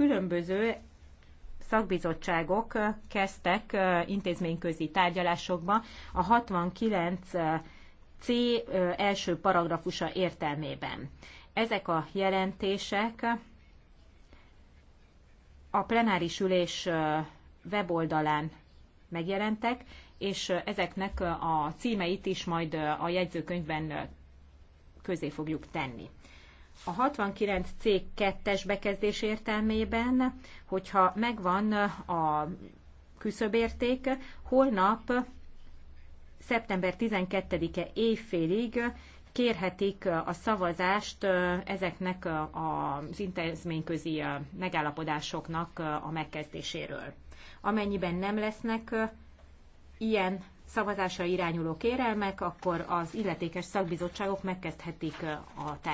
különböző szakbizottságok kezdtek intézményközi tárgyalásokba a 69 C első paragrafusa értelmében. Ezek a jelentések a plenáris ülés weboldalán megjelentek, és ezeknek a címeit is majd a jegyzőkönyvben közé fogjuk tenni a 69 cég kettes bekezdés értelmében, hogyha megvan a küszöbérték, holnap szeptember 12-e éjfélig kérhetik a szavazást ezeknek az intézményközi megállapodásoknak a megkezdéséről. Amennyiben nem lesznek ilyen szavazásra irányuló kérelmek, akkor az illetékes szakbizottságok megkezdhetik a tárgyalásokat.